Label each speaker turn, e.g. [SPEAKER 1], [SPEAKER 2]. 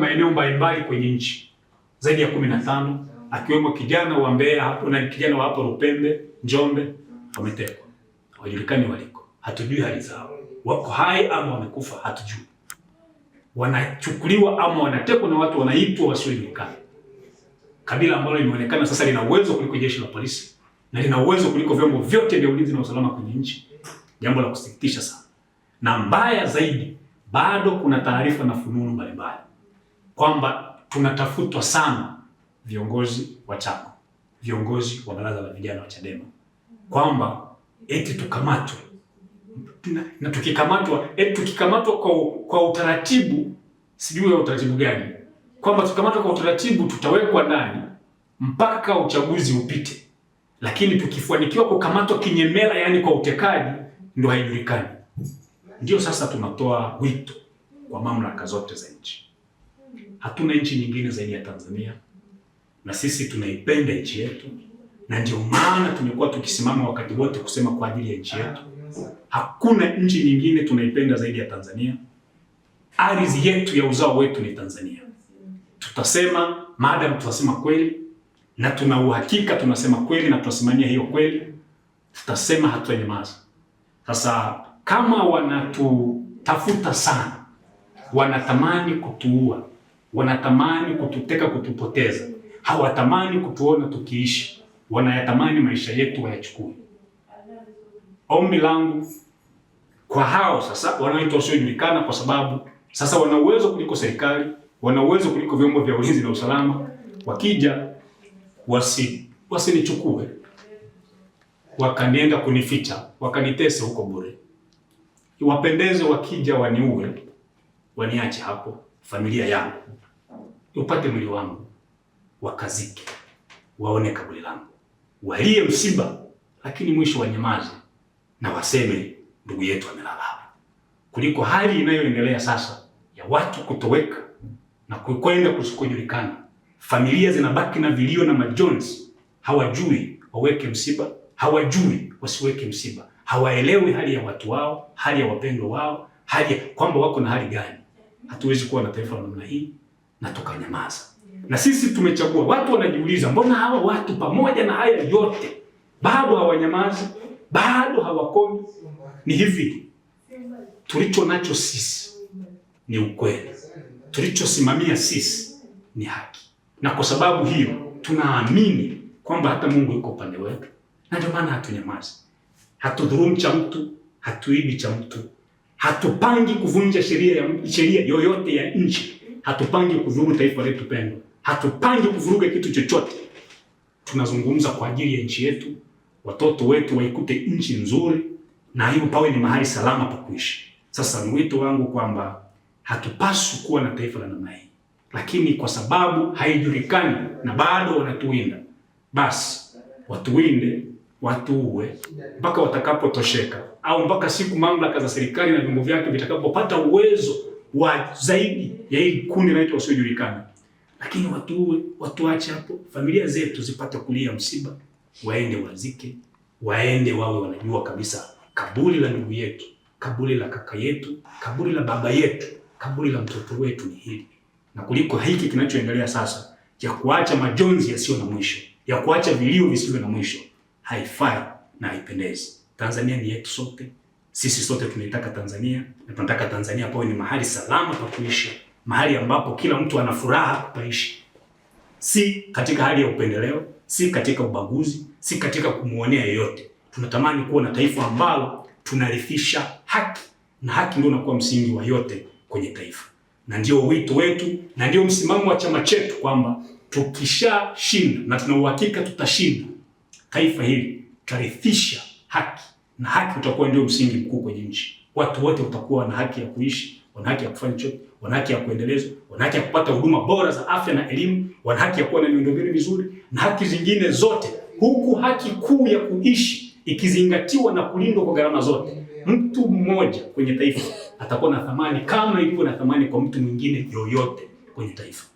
[SPEAKER 1] maeneo mbalimbali kwenye nchi zaidi ya kumi na tano akiwemo kijana wa Mbeya hapo na kijana wa hapo Rupembe, Njombe, wametekwa, hawajulikani waliko, hatujui hali zao, wako hai ama wamekufa, hatujui, wanachukuliwa ama wanatekwa na watu wanaitwa wasiojulikana, kabila ambalo limeonekana sasa lina uwezo kuliko jeshi la polisi na lina uwezo kuliko vyombo vyote vya ulinzi na usalama kwenye nchi, jambo la kusikitisha sana. Na mbaya zaidi, bado kuna taarifa na fununu mbalimbali kwamba tunatafutwa sana viongozi wa chama, viongozi wa baraza la vijana wa Chadema, kwamba eti tukamatwe na, na tukikamatwa eti tukikamatwa kwa, kwa utaratibu sijui ya utaratibu gani, kwamba tukamatwa kwa utaratibu tutawekwa ndani mpaka uchaguzi upite, lakini tukifanikiwa kukamatwa kinyemela, yani kwa utekaji, ndio haijulikani. Ndio sasa tunatoa wito kwa mamlaka zote za nchi Hatuna nchi nyingine zaidi ya Tanzania, na sisi tunaipenda nchi yetu, na ndio maana tumekuwa tukisimama wakati wote kusema kwa ajili ya nchi yetu. Hakuna nchi nyingine tunaipenda zaidi ya Tanzania. Ardhi yetu ya uzao wetu ni Tanzania. Tutasema madam tutasema kweli na tuna uhakika tunasema kweli na tunasimamia hiyo kweli, tutasema, hatutanyamaza. Sasa kama wanatutafuta sana, wanatamani kutuua wanatamani kututeka, kutupoteza. Hawatamani kutuona tukiishi, wanayatamani maisha yetu wayachukue. Ombi langu kwa hao sasa wanaoitwa wasiojulikana, kwa sababu sasa wana uwezo kuliko serikali, wana uwezo kuliko vyombo vya ulinzi na usalama, wakija wasi wasinichukue wakanienda kunificha wakanitese huko bure, iwapendeze wakija waniue, waniache hapo familia yangu, upate mwili wangu, wakazike, waone kaburi langu, walie msiba, lakini mwisho wanyamaze na waseme ndugu yetu amelala hapa, kuliko hali inayoendelea sasa ya watu kutoweka na kwenda kusikojulikana. Familia zinabaki na vilio na majonzi, hawajui waweke msiba, hawajui wasiweke msiba, hawaelewi hali ya watu wao, hali ya wapendwa wao, hali ya kwamba wako na hali gani hatuwezi kuwa na taifa la namna hii na tukanyamaza. Na sisi tumechagua. Watu wanajiuliza mbona hawa watu pamoja na haya yote bado hawanyamazi, bado hawakomi? Ni hivi, tulicho nacho sisi ni ukweli, tulichosimamia sisi ni haki, na kwa sababu hiyo tunaamini kwamba hata Mungu yuko upande wetu, na ndio maana hatunyamazi, hatudhurumu cha mtu, hatuibi cha mtu Hatupangi kuvunja sheria ya sheria yoyote ya nchi. Hatupangi kuvuruga taifa letu pendwa. Hatupangi kuvuruga kitu chochote. Tunazungumza kwa ajili ya nchi yetu, watoto wetu waikute nchi nzuri na hiyo pawe ni mahali salama pa kuishi. Sasa ni wito wangu kwamba hatupaswi kuwa na taifa la namna hii, lakini kwa sababu haijulikani na bado wanatuwinda, basi watuwinde watuue mpaka watakapotosheka au mpaka siku mamlaka za serikali na vyombo vyake vitakapopata uwezo wa zaidi ya hili kundi linaloitwa wasiojulikana. Lakini watuue, watuache hapo, familia zetu zipate kulia msiba, waende wazike, waende wawe wanajua kabisa kaburi la ndugu yetu, kaburi la kaka yetu, kaburi la baba yetu, kaburi la mtoto wetu ni hili, na kuliko hiki kinachoendelea sasa, ya kuacha majonzi yasiyo na mwisho, ya kuacha vilio visivyo na mwisho haifai na haipendezi. Tanzania ni yetu sote, sisi sote tunaitaka Tanzania na tunataka Tanzania pawe ni mahali salama pa kuishi, mahali ambapo kila mtu ana furaha kuishi, si katika hali ya upendeleo, si katika ubaguzi, si katika kumuonea yeyote. Tunatamani kuwa na taifa ambalo tunarithisha haki, na haki ndio inakuwa msingi wa yote kwenye taifa, na ndio wito wetu na ndio msimamo wa chama chetu kwamba tukishashinda, na tuna uhakika tutashinda taifa hili tutarithisha haki na haki utakuwa ndio msingi mkuu kwenye nchi. Watu wote watakuwa wana haki ya kuishi, wana haki ya kufanya chochote, wana haki ya kuendelezwa, wana haki ya kupata huduma bora za afya na elimu, wana haki ya kuwa na miundombinu mizuri na haki zingine zote, huku haki kuu ya kuishi ikizingatiwa na kulindwa kwa gharama zote. Mtu mmoja kwenye taifa atakuwa na thamani kama ilivyo na thamani kwa mtu mwingine yoyote kwenye taifa.